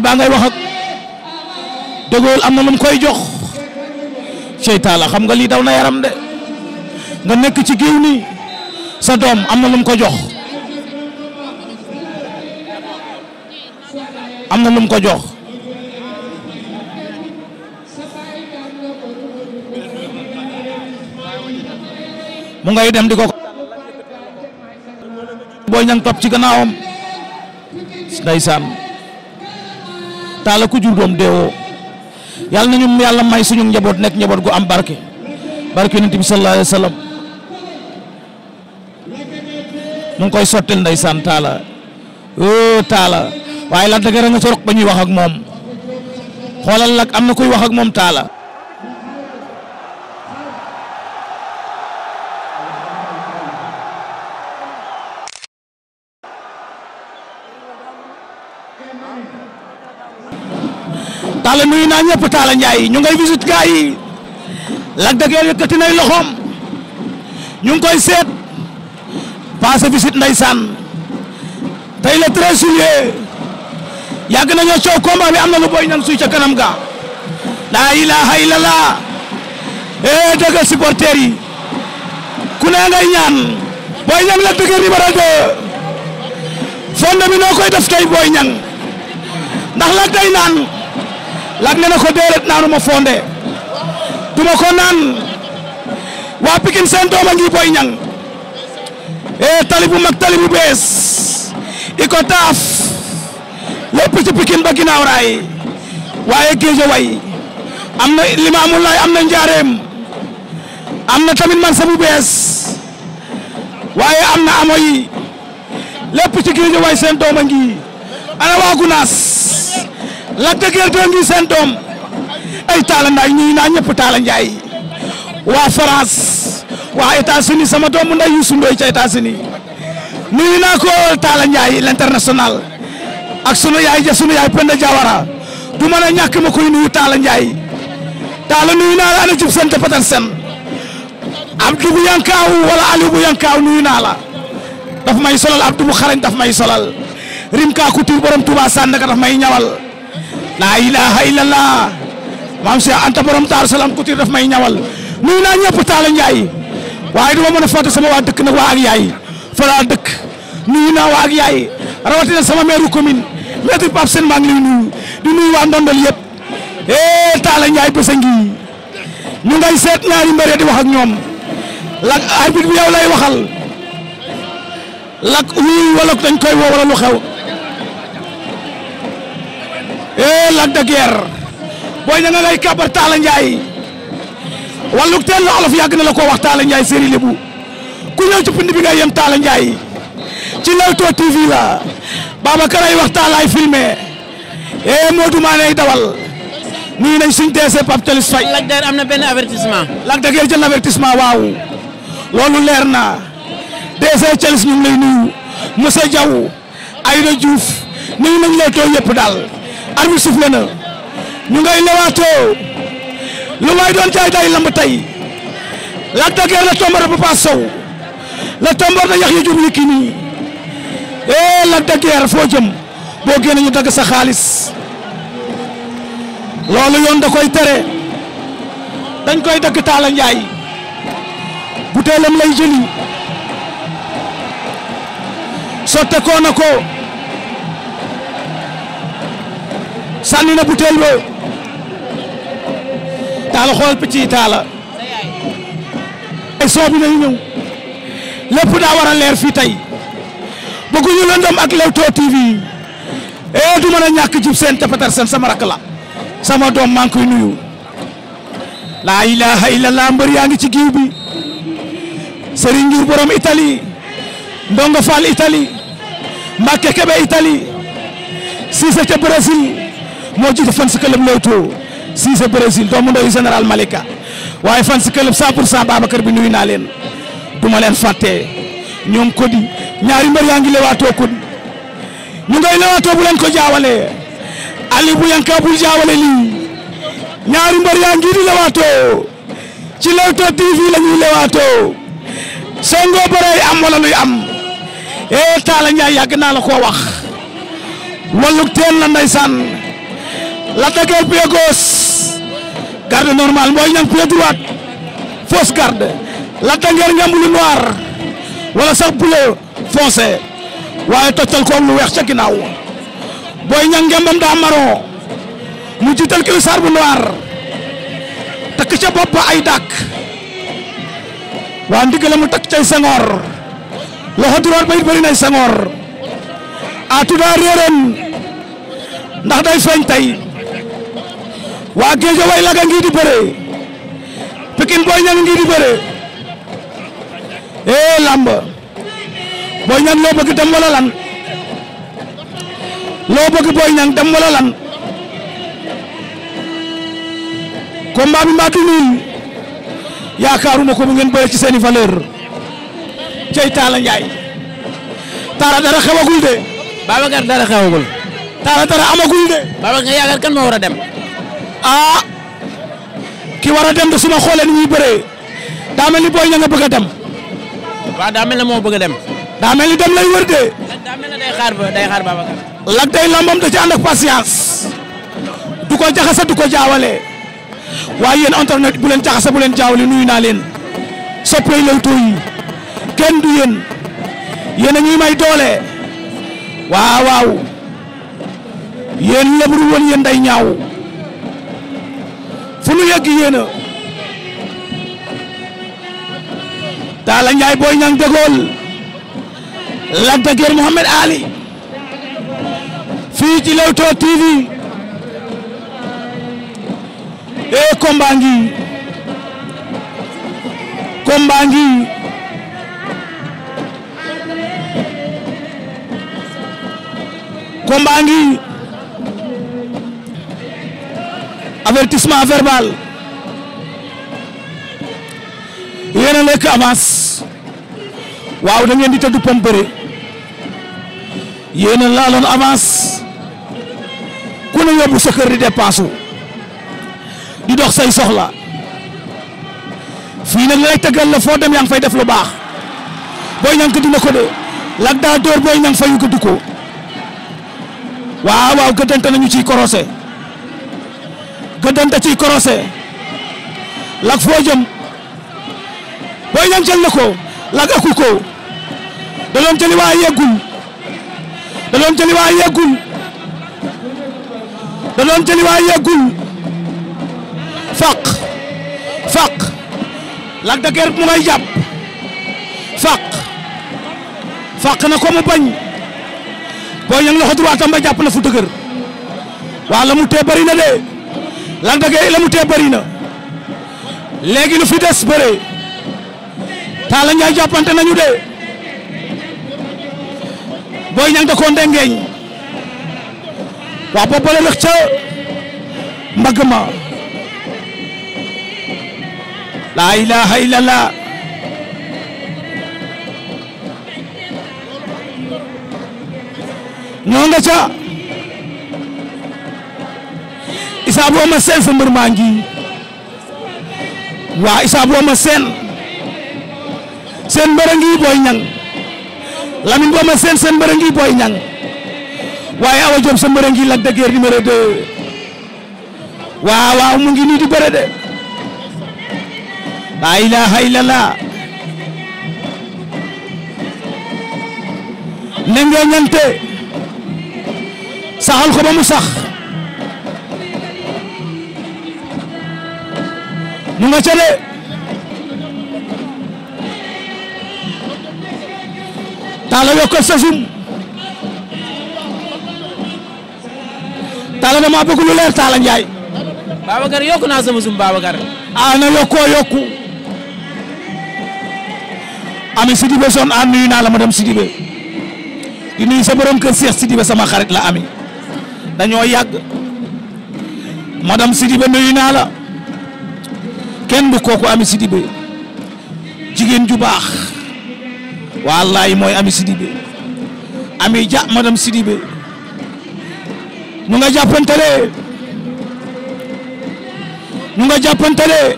baa ngay wax ak dëggool am na lu koy jox seytaala xam nga lii daw na yaram de nga nekk ci géew nii sa doom am na lu ko jox am na lum ko jox mu ngay dem di ko booy ñang topp ci gannaawam ndeysaan taala ku jur doom deewoo yàlla nañu yàlla may suñu njaboot nekk njaboot gu am barke barke yonent bi sallallahu alayhi wa sallam mu ngi koy sottil ndeysaan taala oo taala waaye la dëgg nga ci ba ñuy wax ak moom xoolal nag am na koy wax ak moom taala Talla nuyu naa ñëpp Talla Ndiaye ñu ngay visite gaa yi Lac de Guiers nay loxoom ñu ngi koy seet passé visite ndeysaan tey le 13 juillet yàgg nañoo coow combat bi am na lu boy ñang suy ca kanam ga laa ilaha illallah eh dëgg supporter yi ku ne ngay ñaan boy ñang Lac de Guiers numéro 2 mi noo koy def tey boy ñang ndax Lac naan Lac nee na ko déedéet naanuma fonde duma ko naan waa Pikine seen doom a ngi Boy eh, tali bu mag tali bu bees i ko taaf lépp ci Pikine ba ginnaaw raay waaye Guédiawaye am na li ma laay am na njaareem am na tamit marché bu bees waaye am na amoy lépp ci Guédiawaye seen doom a ana waa Gunaas Lac de Guiers 2 ngi seen doom ay Talla Ndiaye ñuy naa ñëpp Talla Ndiaye waa France waa États-Unis sama doomu nday Youssou Ndoye ca États-Unis nuyu naa ko Talla Ndiaye l'international ak sunu yaay ja sunu yaay Penda Diawara du mën a ñàkk ma koy nuyu Talla Ndiaye Talla nuyu naa la ana jub seen te patal seen Abdou bu yankaaw wala Aliou yankaaw nuyu naa la daf may solal Abdou bu xarañ daf may solal rim kaa ku tur borom Touba may ñawal laa ilaha illallah maam Cheikh Anta borom Daaru Salaam Couture daf may ñawal nuyu naa ñëpp Talla Ndiaye waaye duma mën a fàtte sama waa dëkk nag waa ak yaay fa laa dëkk nuyu naa waa ak yaay rawatina sama maire commune maître Pape Sène maa ngi lay nuyu di nuyu waa Ndondol yëpp eh Talla Ndiaye bés ñu ngay seet ñaari mbër di wax ak ñoom lak arbitre bi yow lay waxal lak wuy wala dañ koy woo wala lu xew. eh Lac de Guiers booy ña nga ngay kàbbar Talla Ndiaye wàllug teel la olof yàgg na la koo wax Talla Ndiaye série ku ñëw ci pind bi yem Talla Ndiaye ci Leewtoo TV la Babacar ay wax Talla ay filmé eh Modou Mané dawal nuyu nañ suñ DG Pape Talis Faye. Lac de Guiers am na benn avertissement. Lac de Guiers jël avertissement waaw loolu leer na DG Talis ñu ngi lay nuyu monsieur Diaw Aïda Diouf nuyu nañ Leewtoo yëpp daal. armi soufflé na ñu ngay lewaatoo lu waay doon jaay day lamb tey Lac de Guiers la tombar Papa Sow la tombar na Yaxya Jóob Yékini ee eh, Lac de Guiers foo jëm boo génne ñu dagg sa xaalis loolu yoon da koy tere dañ koy dagg Taala Njaay buteelam lay jëli sotte ko ko sànni na butéel ba taala xool picc yi taala élection bi nañu ñëw lépp daa war a leer fii tey bëgguñu lëndëm ak Leewtoo TV e eh, du mën a ñàkk jib seen tapatar sama rakk la sama doom maa ngi koy nuyu laa ilaha illallah mbër ngi ci giw bi Serigne Ndiour borom Italie Ndongo Fall Italie Mbacke Kebe Italie Cissé ca Brésil moo jiite fan si club Leewtoo Cissé Brésil doomu ndoyu général Malika waaye fan si club 100 pour 100 Babacar bi nuyu naa leen du ma leen fàtte ñoom Cody ñaari mbër yaa ngi lewaatoo Cody ñu ngay lewaatoo bu leen ko jaawalee Ali bu yanka bul jaawale lii ñaari mbër yaa ngi di lewaatoo ci Leewtoo TV la ñuy lewaatoo songo bëree am wala luy am ee eh, Talla Ndiaye yàgg naa la ko wax walluk teen la ndeysaan l'attaqueur pied gauche garde normal Boy Niang pied droite fausse garde l'attaqueur ngemb lu noir wala sax bleu foncé waaye toccal koog lu weex ca ginaaw booy Niang ngembam daa marron mu jiital ki bu noir takk ca bopp ay dàkk waa ndigale mu takk cay sengoor loxo droit ba it bëri nay sengoor a tudaa ndax day feeñ tey waa géej way laga ngi di bëree Pikine Boy Niang ngi di bëree eh lamb Boy Niang loo bëgg dem wala lan loo bëgg Boy Niang dem wala lan combat bi mbaa du ñuul yaakaaruma ko bu ngeen bëree ci seeni valeur cey Talla Ndiaye Talla dara xewagul de Babacar dara xewagul Talla dara amagul de Babacar yaakaar kan moo war a dem ah ki war a dem de su ma xooleen ni muy bëree daa mel ni booy ña nga bëgg a dem. waa daa mel ne moo bëgg a dem. daa mel ni dem lay wër de. daa day xaar ba da ci ànd ak patience. du ko jaxase du ko jaawale. waaye yéen internet bu leen jaxase leen jaawale nuyu naa leen. soppey Leewtoo yi kenn du yéen yen a ñuy may doole waaw waaw yéen lebru woon yéen day ñaaw. fu nu yegg yéena Talla Ndiaye Boy Niang Dégaule Lac de Guiers Ali fii ci Leewtoo TV e combat ngi combat ngi avertissement verbal yéen a nekk avance waaw da di tëdd pom bëre yéen a laaloon avance ku ne yóbbu sa di dépense di dox say soxla fii nag lay tëggal la foo dem yaa ngi fay def lu baax booy ñang ko dina ko de lag daa dóor booy ñang fayu ko du ko waaw waaw gëddante nañu ciy korosé gëddante ciy korosé Lac foo jëm Boy Niang na ko Lac aku ko da doon jëli waa yeggul da doon jëli waa yeggul da doon jëli waa mu ngay jàpp faq faq na ko mu bañ Boy Niang loxo droit tam ba jàpp na fu dëgër waa la mu tee bari na de Lac de Guiers la mu na léegi lu fi des bëre Talla Ndiaye jàppante nañu de Boy Niang da koo ndengeeñ waaw boobu la ca mbagg ma laa ilaaha illallah ñoo ca Issa bu Eumeu Sène sa mbër maa ngi waa Issa bu Eumeu Sène seen mbër a ngi Boy Niang Lamine bu Eumeu Sène seen mbër a ngi Boy Niang waaye Awa Diop a ngi Lac de Guiers numéro 2 waaw waaw mu ngi nii di bëre de laa ilaaha illallah ne ngeen ñante saxal ko ba mu sax mu nga ca de taala yokkal sasum taala dama bëgg lu leer taala njaay Babacar yokku naa sama sum Babacar ana ah, yokkoo yokku ami Sidibé son an ah, nuyu naa la madame Sidibé di nuyu sa borom kër Cheikh Sidibé sama xarit la ami dañoo yàgg madame Sidibé nuyu naa la kenn du kooku Ami Sidibé jigéen ju baax wallaay mooy Ami Sidibé Ami Dia madame Sidibé ñu nga jàppantalee ñu nga jàppantalee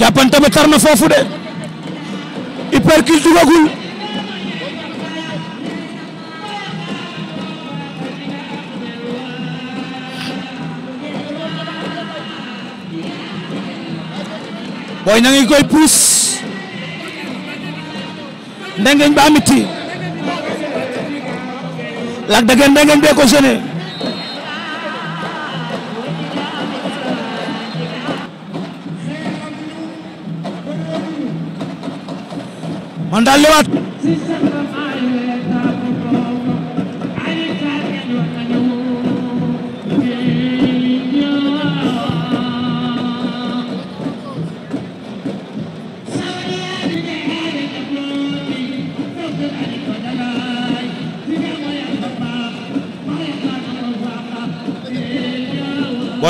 jàppante ba tar na foofu de hypercule dugagul Boy Niang ngi koy puus ndengeñ ba amiti Lac de Guiers ndengeñ bee ko gêné man daal lewaat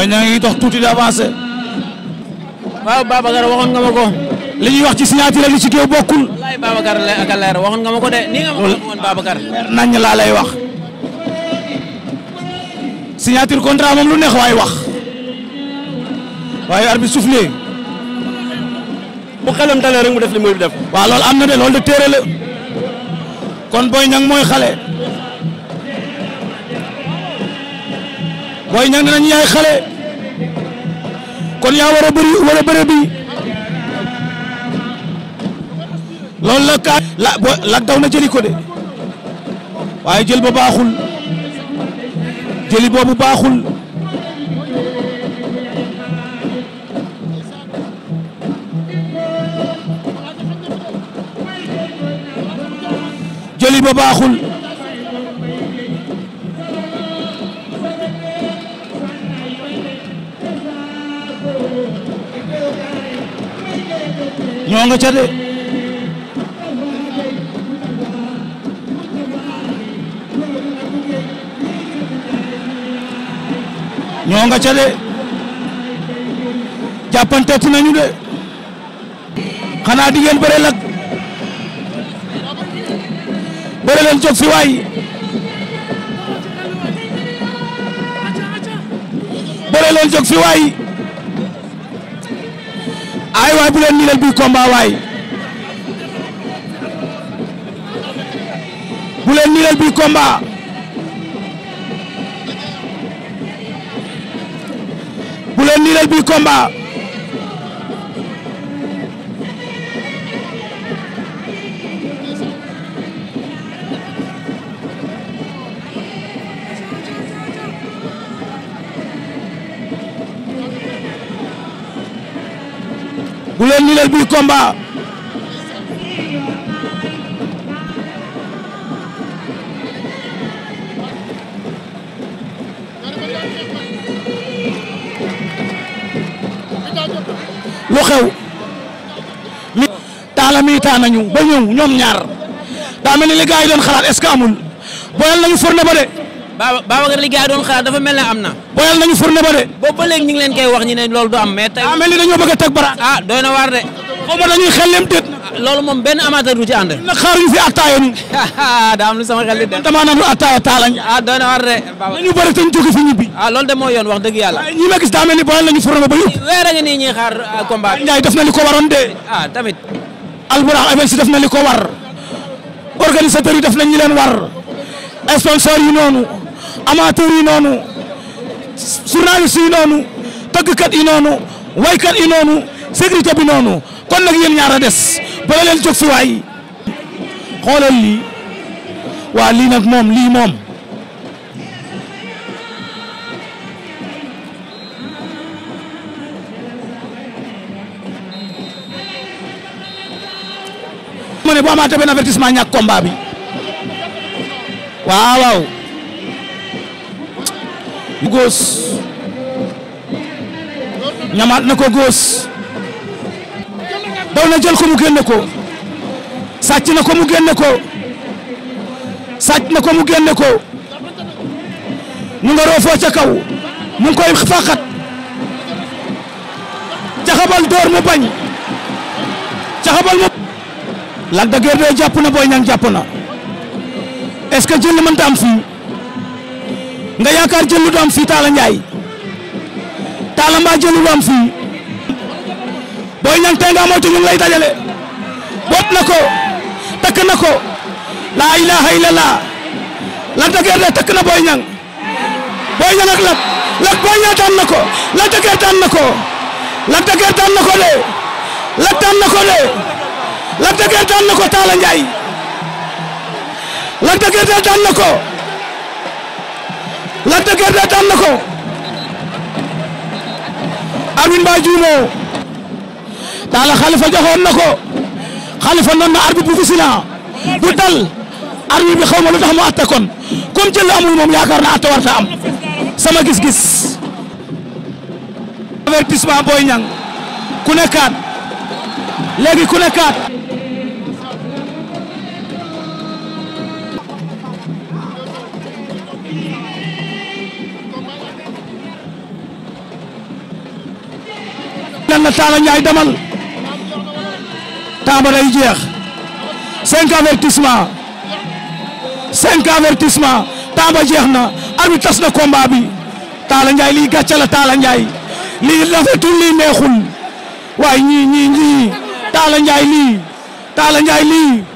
booy ñaa ngi dox tuuti di avancé. waaw Babacar waxoon nga ma li ñuy wax ci signature li ci géew bokkul. wallaay Babacar ak leer waxoon nga ma de nañ laa lay wax. signature contrat moom lu neex waay wax. waaye arbitre soufflé. bu xelam dalee rek mu def li muy def. waaw loolu am na de loolu de téere la. kon booy Niang mooy xale. Boy Niang dinañ yaay xale. kon yaa war a bëri la kaay la lak daw na jëli ko de waaye jël ba baaxul jëli baaxul jëli ba nga ca ñoo nga ca de jàppanteeti nañu de xanaa di ngeen bëre lak bëre leen jóg fi waay bëre leen jóg fi waay ay waay bu leen niilal bi combat waay bu leen niilal bi combat bu leen bi combat ni leen bii combat lu xew mi taala nañu ba ñëw ñoom ñaar daa mel ni li gars yi doon xalaat est-ce que nañu forna ba de Baba Babacar li gars yi doon xalaat dafa mel ne am na. booyal nañu fourne ba de. boobu ba léegi ñu ngi leen koy wax ñu ne loolu du am mais. tey ah mel ni dañoo bëgg a teg bara. ah doy na waar de. xaw ma ah, ñu. daa am lu sama xel di dem. damaa naan lu attaaya ah, na waar de. Babacar nañu ñu jóge fi ñibbi. ah de moo yoon wax dëgg yàlla. ñi ma gis daa mel ni booyal nañu fourne ba yëpp. weer a ngi nii ñuy xaar ah, combat. Ndiaye def na li ko waroon de. ah tamit. Alburax na li war. organisateur yi def nañ ñi war sponsor yi noonu amateur yi noonu journaliste yi noonu tëggkat yi noonu waykat yi noonu sécurité bi noonu kon nag yéen ñaar a des bala leen jóg si waay lii nag moom lii moom ma ne benn avertissement ñàkk combat bi bu góos ñamaat na ko góos daw na jël ko mu génne ko sàcc na ko mu génne ko sàcc na ko mu génne ko mu nga roofoo ca kaw mu ngi koy faqat caxabal door mu bañ caxabal mu Lac de Guiers jàpp na Boy Niang jàpp na est-ce que jël mënta am fii nga yaakaar jël lu fii Talla Ndiaye Talla mbaa fii Boy Niang tey moytu ñu ngi lay dajale na ko takk na ko laa ilaaha illallah Lac de Guiers de takk na Boy Niang Boy Niang ak Lac Lac Boy Niang na ko Lac de Guiers daan na ko Lac de Guiers daan na ko de Lac daan na ko de na ko Talla Ndiaye Lac na ko Lac de Guiers daan na ko arbitre ba juumoo daala xalifa joxoon na ko xalifa noon na arbitre bu fisila bu bi xaw lu tax mu atte kon comme jël amul moom yaakaar na atte sama gis-gis avertissement Boy Niang ku nekkaat léegi ku nekkaat Talla Ndiaye demal temps ba day jeex cinq avertissement cinq avertissement temps jeex na arbitre tas na combat bi Talla Ndiaye lii gàcce la Talla Ndiaye lii rafetul lii neexul waaye ñii ñii ñii Talla Ndiaye lii Talla Ndiaye lii